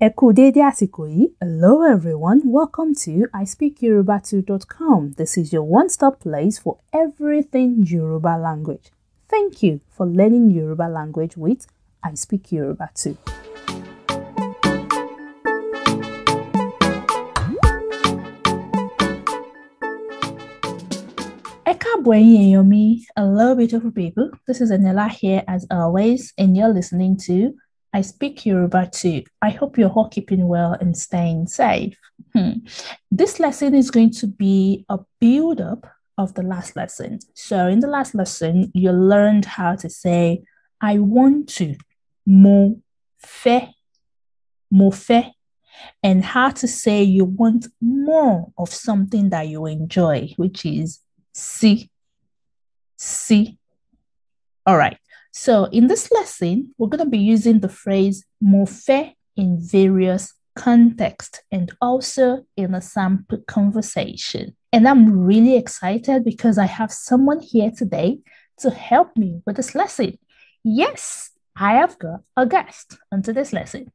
Hello everyone, welcome to ispeakyoruba2.com. This is your one-stop place for everything Yoruba language. Thank you for learning Yoruba language with I Speak Yoruba 2. Hello beautiful people. This is Anela here as always and you're listening to I speak Yoruba too. I hope you're all keeping well and staying safe. Hmm. This lesson is going to be a build up of the last lesson. So, in the last lesson, you learned how to say, I want to, mo fe, mo fe, and how to say you want more of something that you enjoy, which is si, si. All right. So in this lesson, we're going to be using the phrase more in various contexts and also in a sample conversation. And I'm really excited because I have someone here today to help me with this lesson. Yes, I have got a guest on this lesson.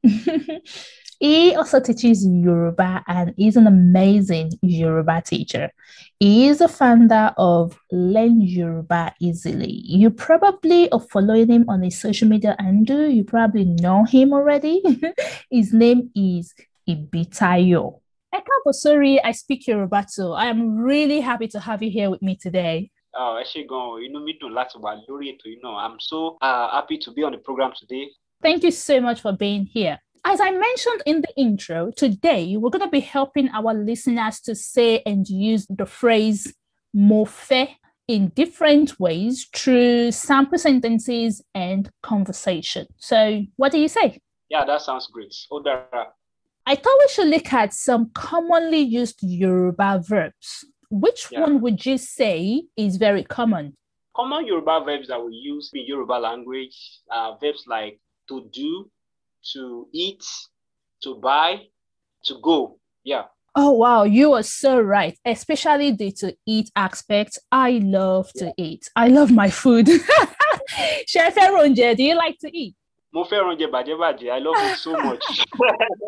He also teaches Yoruba and is an amazing Yoruba teacher. He is a founder of Learn Yoruba Easily. You probably are following him on his social media and you probably know him already. his name is Ibitayo. Ekabo, sorry, I speak Yoruba too. I am really happy to have you here with me today. Oh, e go you know me mi dùn láti wà lórí ètò náà. I'm so uh, happy to be on the program today. Thank you so much for being here. As I mentioned in the intro, today we're going to be helping our listeners to say and use the phrase morphe in different ways through sample sentences and conversation. So, what do you say? Yeah, that sounds great. Odara. I thought we should look at some commonly used Yoruba verbs. Which yeah. one would you say is very common? Common Yoruba verbs that we use in Yoruba language are verbs like to do, to eat, to buy, to go. Yeah. Oh, wow. You are so right, especially the to eat aspect. I love yeah. to eat. I love my food. Chef Eronje, do you like to eat? I love it so much.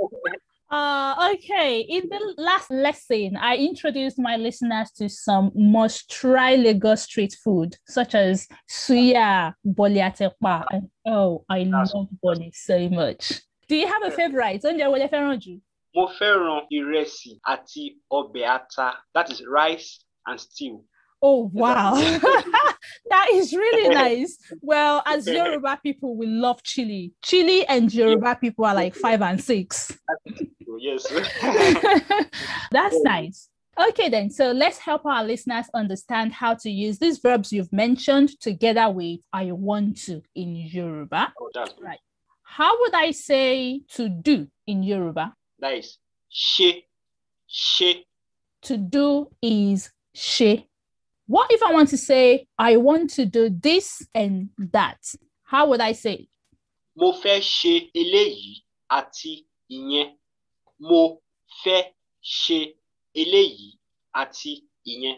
Uh, okay, in the last lesson, I introduced my listeners to some must try Lagos street food, such as suya, boliatepa, oh, I love boli so much. Do you have a favorite? Oúnjẹ wo lẹ fẹ́ràn jù? Mo fẹ́ràn ìrẹsì àti ọbẹ̀ ata, that is rice and stew. Oh, wow. that is really nice. Well, as Yoruba people, we love chili. Chili and Yoruba yeah. people are like five and six. Yes. That's nice. Okay, then. So let's help our listeners understand how to use these verbs you've mentioned together with I want to in Yoruba. Oh, right. How would I say to do in Yoruba? That is she, she. To do is she. What if I want to say, I want to do this and that? How would I say it? Mo fẹ́ ṣe eléyìí àti ìyẹn. Mo fẹ́ ṣe eléyìí àti ìyẹn.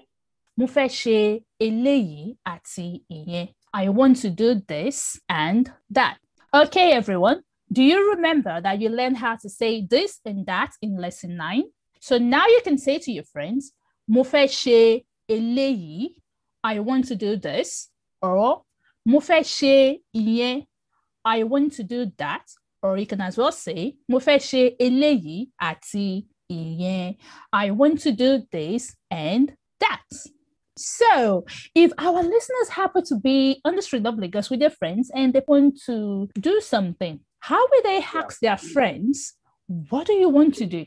Mo fẹ́ ṣe eléyìí àti ìyẹn. I want to do this and that. Okay, everyone. Do you remember that you learned how to say this and that in lesson 9? So now you can say to your friends, Mo fẹ́ ṣe eléyìí i want to do this or mo fẹ́ ṣe ìyẹn i want to do that or you can as well say mo fẹ́ ṣe eléyìí àti ìyẹn i want to do this and that. So, if our listeners happen to be on the street of Lagos with their friends and they want to do something, how will they ask their friends, What do you want to do?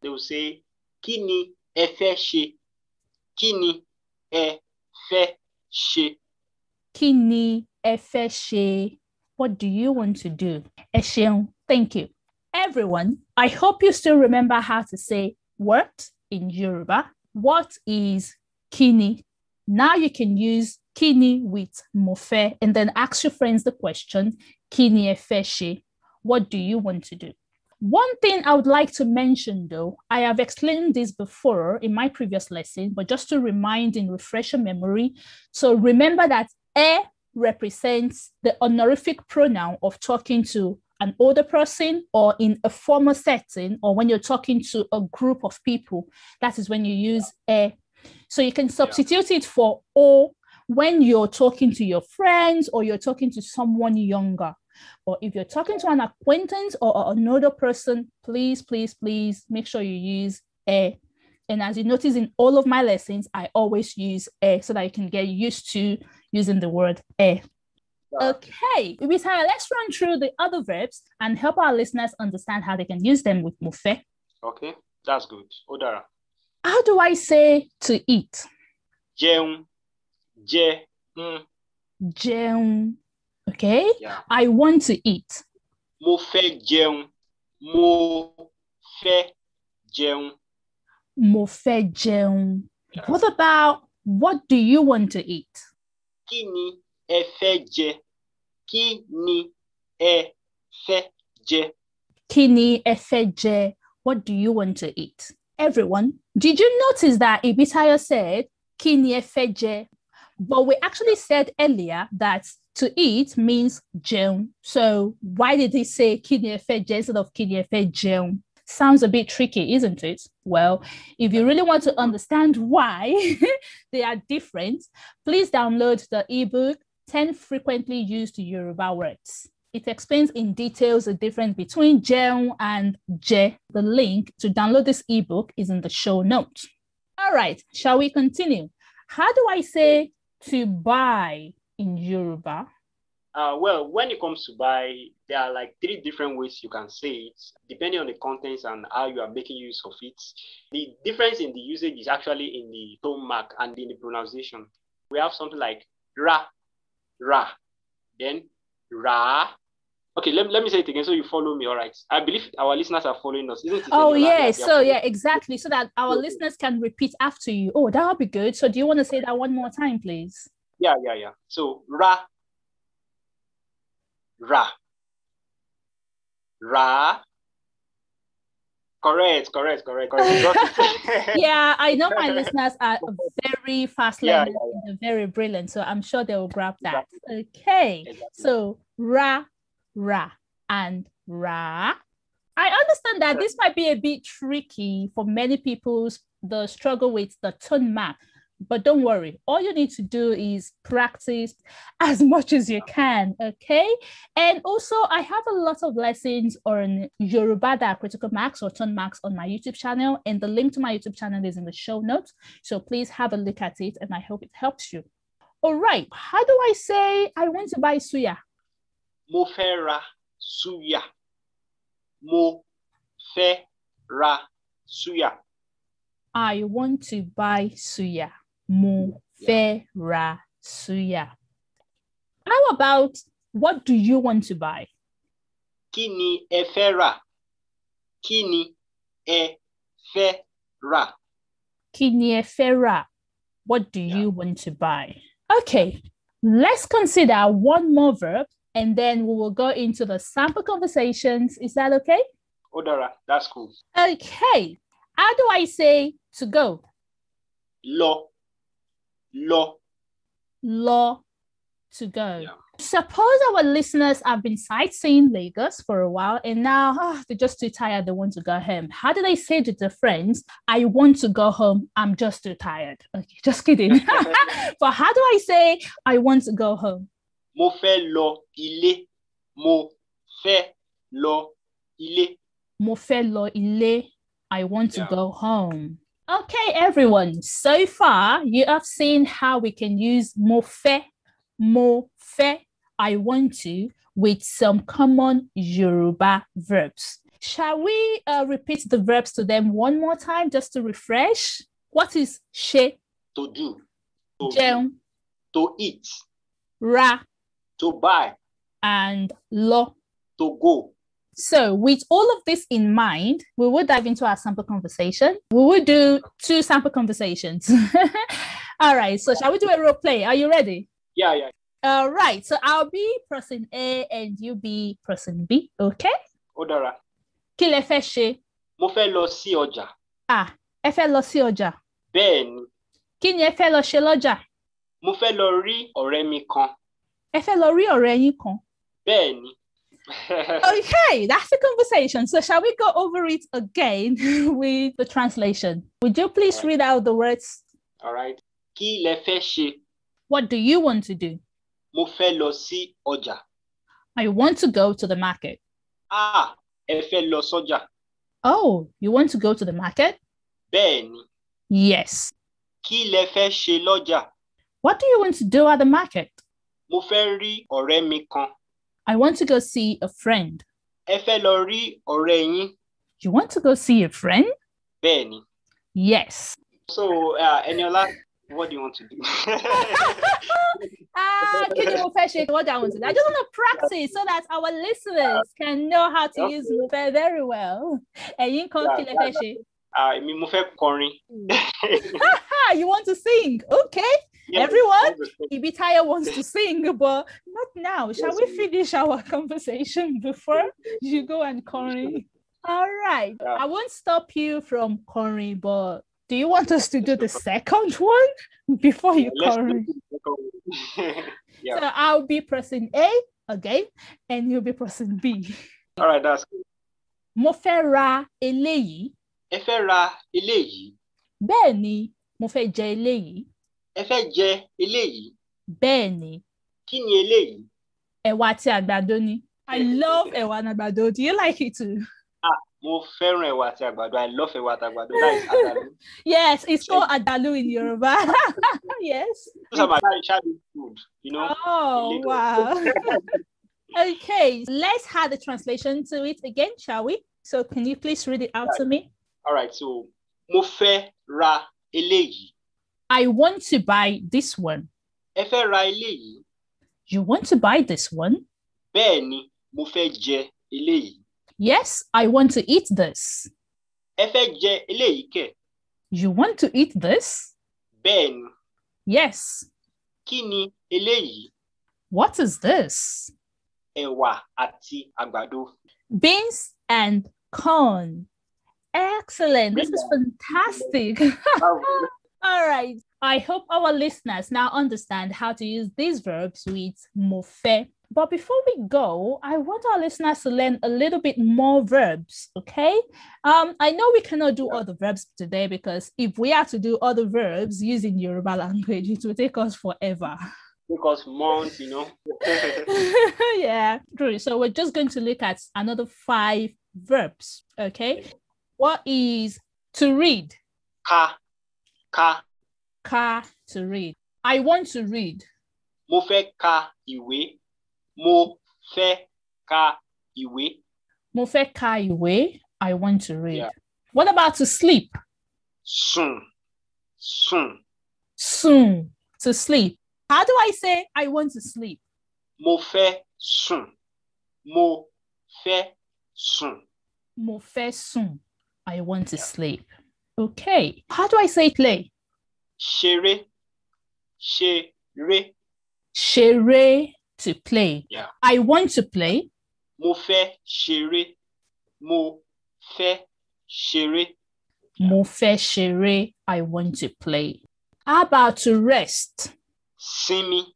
They will say, kini efeshi. Kini ẹ fẹ́ ṣe? ẹ fẹ́ ṣe? What do you want to do? Ẹ ṣeun, thank you. Everyone, I hope you still remember how to say what in Yoruba. What is kini? Now you can use kini with mofe and then ask your friends the question kini efeshi. What do you want to do? One thing I would like to mention, though, I have explained this before in my previous lesson, but just to remind and refresh your memory. So remember that e represents the honorific pronoun of talking to an older person or in a formal setting or when you're talking to a group of people. That is when you use e. So you can substitute yeah. it for o when you're talking to your friends or you're talking to someone younger. But if you're talking to an acquaintance or another person, please, please, please make sure you use a. And as you notice in all of my lessons, I always use a so that you can get used to using the word a. Okay, Ibisaya, let's run through the other verbs and help our listeners understand how they can use them with Mufe. Okay, that's good. Odara. How do I say to eat? Jeun. Mm. Jeun. Jeun. Okay? Yeah. I want to eat. Mo fẹ́ jẹun. Mo fẹ́ jẹun. Mo fẹ́ jẹun. Yeah. What about what do you want to eat? Kini ni ẹ fẹ́ jẹ? Kí ẹ fẹ́ jẹ? ẹ fẹ́ jẹ? What do you want to eat? Everyone, did you notice that Ibitayo said, Kini ẹ fẹ́ jẹ? But we actually said earlier that to eat means jeun. So why did he say kidney effect instead of kidney effect jeun? Sounds a bit tricky, isn't it? Well, if you really want to understand why they are different, please download the ebook 10 frequently used Yoruba words. It explains in details the difference between jeun and je. The link to download this ebook is in the show notes. All right, shall we continue? How do I say to buy in Yoruba? Uh, well, when it comes to buy, there are like three different ways you can say it, depending on the contents and how you are making use of it. The difference in the usage is actually in the tone mark and in the pronunciation. We have something like ra, ra, then ra, okay let, let me say it again so you follow me all right i believe our listeners are following us isn't it oh yeah so yeah exactly so that our listeners can repeat after you oh that would be good so do you want to say that one more time please yeah yeah yeah so ra ra ra Correct, correct, correct, correct. yeah, I know my listeners are very fast learners yeah, yeah, yeah. very brilliant. So I'm sure they will grab that. Exactly. Okay. Exactly. So ra ra and ra. I understand that this might be a bit tricky for many people's the struggle with the tone mark, but don't worry. All you need to do is practice as much as you can, okay? And also, I have a lot of lessons on Yoruba that critical marks or tone marks on my YouTube channel, and the link to my YouTube channel is in the show notes. So please have a look at it, and I hope it helps you. All right, how do I say I want to buy suya? mo fẹ́ ra suya mo fẹ́ ra suya. I want to buy suya. Mo fẹ́ ra suya. How about what do you want to buy? Kí ni ẹ fẹ́ rà? Kí ni ẹ fẹ́ rà? Kí ni ẹ fẹ́ rà? What do yeah. you want to buy? Okay, let's consider one more verb and then we will go into the sample conversations. Is that okay? Odara, that's cool. Okay. How do I say to go? Lo. Lo. Lo to go. Yeah. Suppose our listeners have been sightseeing Lagos for a while and now oh, they're just too tired, they want to go home. How do they say to their friends, I want to go home, I'm just too tired? Okay, just kidding. but how do I say, I want to go home? mo fẹ́ lọ ilé mo fẹ́ lọ ilé. mo fẹ́ lọ ilé i want yeah. to go home. okay everyone so far you have seen how we can use mo fẹ́ mo fẹ́ i want to with some common yoruba verbs. Shall we uh, repeat the verbs to them one more time just to refresh? What is she? To do. To Jeun. To eat. Ra to buy, and lo, to go. So, with all of this in mind, we will dive into our sample conversation. We will do two sample conversations. all right. So, shall we do a role play? Are you ready? Yeah, yeah. All right. So, I'll be person A and you be person B. Okay. Odara. Kí lẹ fẹ́ ṣe? Mo fẹ́ lọ sí ọjà. Ah, ẹ fẹ́ lọ sí ọjà. ben Kí ẹ fẹ́ lọ ṣe lọ́jà? Mo fẹ́ lọ rí ọ̀rẹ́ mi kan ẹ fẹ́ lọ rí ọ̀rẹ́ yín kan. bẹ́ẹ̀ni. okay, that's the conversation. So, shall we go over it again with the translation? Would you please right. read out the words? All right. Kí lẹ What do you want to do? Mo fẹ́ lọ sí ọjà. I want to go to the market. Ah, ẹ fẹ́ lọ sọ́jà. Oh, you want to go to the market? Ben. Yes. Kí lẹ fẹ́ lọ́jà? What do you want to do at the market? mo fẹ́ rí ọ̀rẹ́ mi kan. I want to go see a friend. Ẹ fẹ́ lọ rí ọ̀rẹ́ yín. You want to go see a friend? Bẹ́ẹ̀ni. Yes. So, uh, what do you want to do? ah, mo fẹ́ ṣe? What I want to do? I just want to practice so that our listeners can know how to use mo fẹ́ very well. Ẹ̀yin kan kí lẹ fẹ́ ṣe? Ah, èmi mo fẹ́ kọrin. Hmm. You want to sing? Okay yeah, everyone, Ibitaya wants to sing, but not now. Shall we finish our conversation before you go and Corey? All right. I won't stop you from Corey, but do you want us to do the second one before you Corey? yeah. So I'll be pressing A again, and you'll be pressing B. All right, that's good. Mo fẹ́ ra eléyìí. Ẹ fẹ́ ra eléyìí. Bẹ́ẹ̀ ni, mo fẹ́ jẹ eléyìí ẹ fẹ́ jẹ eléyìí. bẹ́ẹ̀ ni. kí ni eléyìí. ẹ̀wà àti àgbàdo ni. I love ẹ̀wà and àgbàdo do you like it too. ah mo fẹ́ràn ẹ̀wà àti àgbàdo I love ẹ̀wà àti àgbàdo like àdàlú. yes it's called àdàlú in Yoruba yes. those are my childhood food you know. oh wow. okay let's have the translation to it again shall we. so can you please read it out right. to me. all right so mo fẹ́ ra eléyìí. I want to buy this one. Efe Riley. You want to buy this one? Bẹ́ẹ̀ni, mo fẹ́ Yes, I want to eat this. Ẹ fẹ́ jẹ You want to eat this? Ben. Yes. Kini ni What is this? Ẹ̀wà àti àgbàdo. Beans and corn. Excellent. This is fantastic. All right. I hope our listeners now understand how to use these verbs with mofe. But before we go, I want our listeners to learn a little bit more verbs, okay? Um, I know we cannot do all the verbs today because if we are to do all the verbs using Yoruba language, it will take us forever. Because months, you know. yeah, true. So we're just going to look at another five verbs, okay? What is to read? Ka. Ka. Ka, to read. I want to read. Mo fẹ́ ka ìwé. Mo fẹ́ ka ìwé. Mo fẹ́ ka ìwé. I want to read. Yeah. What about to sleep? Soon, soon, soon To sleep. How do I say I want to sleep? Mo fẹ́ soon. Mo fẹ́ soon. Mo fẹ́ soon. I want to yeah. sleep. Okay. How do I say play? Shere. Shere. Shere to play. Yeah. I want to play. Mo fe shere. Mo fe shere. Mo fe shere. I want to play. How about to rest? Simi.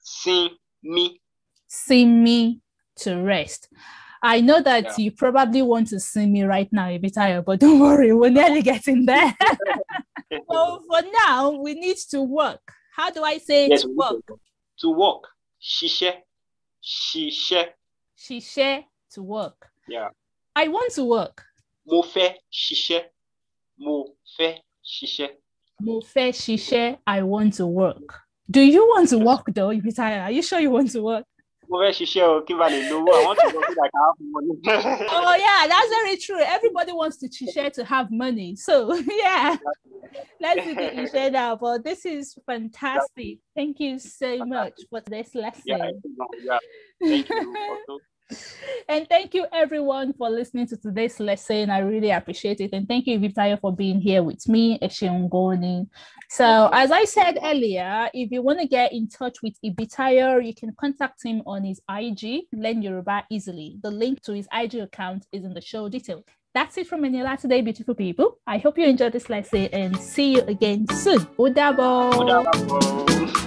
Simi. Simi to rest. I know that yeah. you probably want to see me right now, Ibitayo, but don't worry, we're nearly getting there. so for now, we need to work. How do I say yes, to work? To work. Shishe. Shishe. Shishe to work. Yeah. I want to work. Mo shisha, shishe. shisha, shishe. shishe. I want to work. Do you want to work though, Ibitayo? Are you sure you want to work? mo fẹ́ ṣiṣẹ́ o kí n bá lè lówó I want to go to like I have money. oh yeah that's very true everybody wants to ṣiṣẹ́ to have money so yeah let's do the iṣẹ́ now but this is fantastic thank you so much for this lesson. Yeah, yeah. Thank you and thank you everyone for listening to today's lesson. I really appreciate it. And thank you, Vitaya, for being here with me, Eshiongoni. So as I said earlier, if you want to get in touch with Ibitayo, you can contact him on his IG, Len Yoruba Easily. The link to his IG account is in the show detail. That's it from Manila today, beautiful people. I hope you enjoyed this lesson and see you again soon. Udabo. Udabo.